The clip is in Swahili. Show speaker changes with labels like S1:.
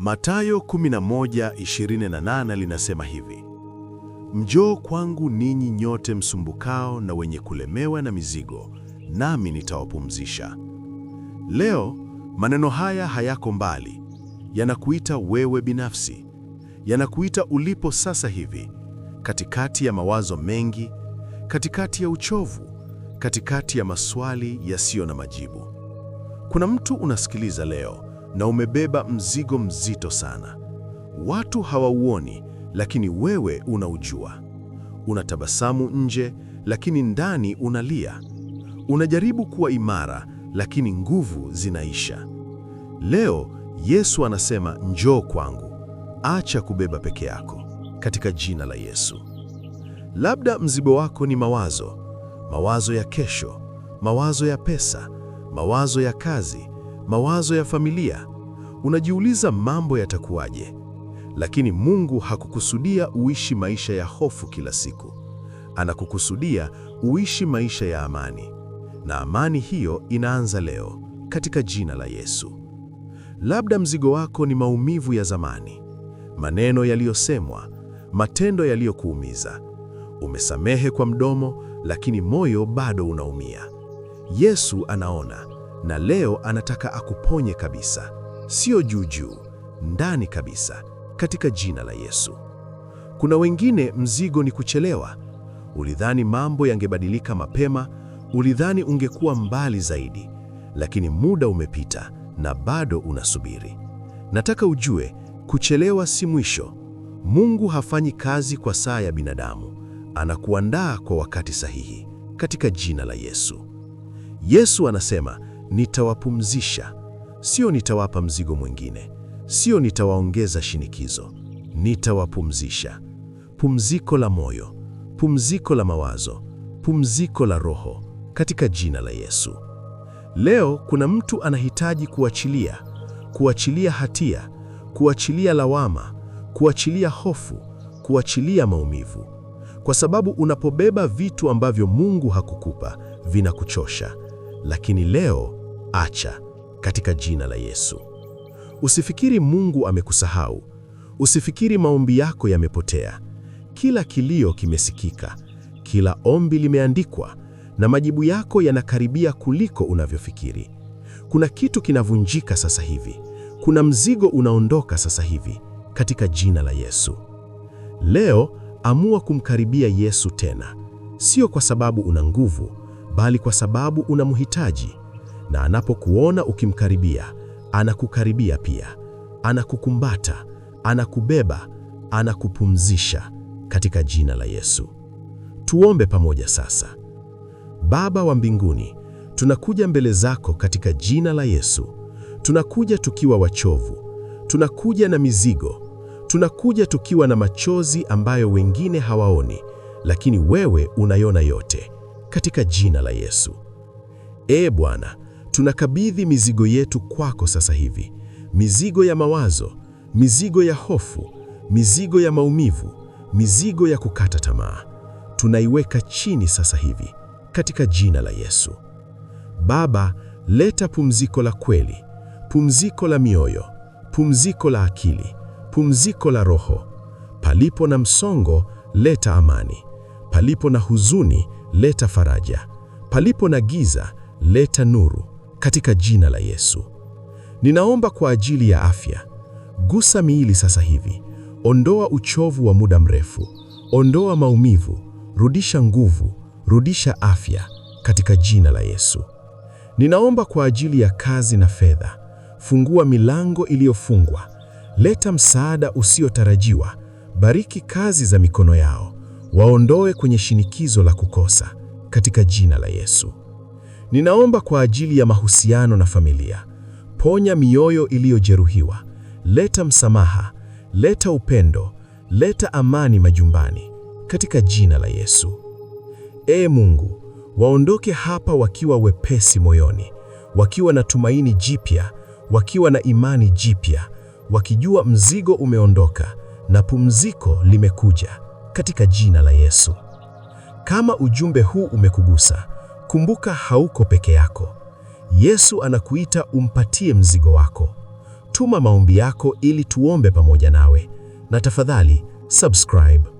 S1: Mathayo 11:28 linasema hivi: Mjoo kwangu ninyi nyote msumbukao na wenye kulemewa na mizigo, nami nitawapumzisha. Leo maneno haya hayako mbali, yanakuita wewe binafsi, yanakuita ulipo sasa hivi, katikati ya mawazo mengi, katikati ya uchovu, katikati ya maswali yasiyo na majibu. Kuna mtu unasikiliza leo na umebeba mzigo mzito sana. Watu hawauoni, lakini wewe unaujua. Unatabasamu nje, lakini ndani unalia. Unajaribu kuwa imara, lakini nguvu zinaisha. Leo Yesu anasema njoo kwangu, acha kubeba peke yako, katika jina la Yesu. Labda mzigo wako ni mawazo, mawazo ya kesho, mawazo ya pesa, mawazo ya kazi, mawazo ya familia, unajiuliza mambo yatakuwaje. Lakini Mungu hakukusudia uishi maisha ya hofu kila siku. Anakukusudia uishi maisha ya amani, na amani hiyo inaanza leo katika jina la Yesu. Labda mzigo wako ni maumivu ya zamani, maneno yaliyosemwa, matendo yaliyokuumiza. Umesamehe kwa mdomo, lakini moyo bado unaumia. Yesu anaona na leo anataka akuponye kabisa, sio juu juu, ndani kabisa, katika jina la Yesu. Kuna wengine mzigo ni kuchelewa. Ulidhani mambo yangebadilika mapema, ulidhani ungekuwa mbali zaidi, lakini muda umepita na bado unasubiri. Nataka ujue kuchelewa si mwisho. Mungu hafanyi kazi kwa saa ya binadamu, anakuandaa kwa wakati sahihi, katika jina la Yesu. Yesu anasema nitawapumzisha. Sio nitawapa mzigo mwingine, sio nitawaongeza shinikizo, nitawapumzisha. Pumziko la moyo, pumziko la mawazo, pumziko la roho, katika jina la Yesu. Leo kuna mtu anahitaji kuachilia, kuachilia hatia, kuachilia lawama, kuachilia hofu, kuachilia maumivu, kwa sababu unapobeba vitu ambavyo Mungu hakukupa vinakuchosha, lakini leo acha katika jina la Yesu. Usifikiri Mungu amekusahau. Usifikiri maombi yako yamepotea. Kila kilio kimesikika, kila ombi limeandikwa, na majibu yako yanakaribia kuliko unavyofikiri. Kuna kitu kinavunjika sasa hivi, kuna mzigo unaondoka sasa hivi katika jina la Yesu. Leo amua kumkaribia Yesu tena, sio kwa sababu una nguvu, bali kwa sababu unamhitaji na anapokuona ukimkaribia, anakukaribia pia, anakukumbata, anakubeba, anakupumzisha katika jina la Yesu. Tuombe pamoja sasa. Baba wa mbinguni, tunakuja mbele zako katika jina la Yesu. Tunakuja tukiwa wachovu, tunakuja na mizigo, tunakuja tukiwa na machozi ambayo wengine hawaoni, lakini wewe unayona yote katika jina la Yesu. Ee Bwana, Tunakabidhi mizigo yetu kwako sasa hivi, mizigo ya mawazo, mizigo ya hofu, mizigo ya maumivu, mizigo ya kukata tamaa. Tunaiweka chini sasa hivi katika jina la Yesu. Baba, leta pumziko la kweli, pumziko la mioyo, pumziko la akili, pumziko la roho. Palipo na msongo, leta amani. Palipo na huzuni, leta faraja. Palipo na giza, leta nuru katika jina la Yesu. Ninaomba kwa ajili ya afya. Gusa miili sasa hivi. Ondoa uchovu wa muda mrefu. Ondoa maumivu. Rudisha nguvu, rudisha afya katika jina la Yesu. Ninaomba kwa ajili ya kazi na fedha. Fungua milango iliyofungwa. Leta msaada usiotarajiwa. Bariki kazi za mikono yao. Waondoe kwenye shinikizo la kukosa katika jina la Yesu. Ninaomba kwa ajili ya mahusiano na familia. Ponya mioyo iliyojeruhiwa, leta msamaha, leta upendo, leta amani majumbani, katika jina la Yesu. Ee Mungu, waondoke hapa wakiwa wepesi moyoni, wakiwa na tumaini jipya, wakiwa na imani jipya, wakijua mzigo umeondoka na pumziko limekuja, katika jina la Yesu. Kama ujumbe huu umekugusa Kumbuka, hauko peke yako. Yesu anakuita umpatie mzigo wako. Tuma maombi yako ili tuombe pamoja nawe, na tafadhali subscribe.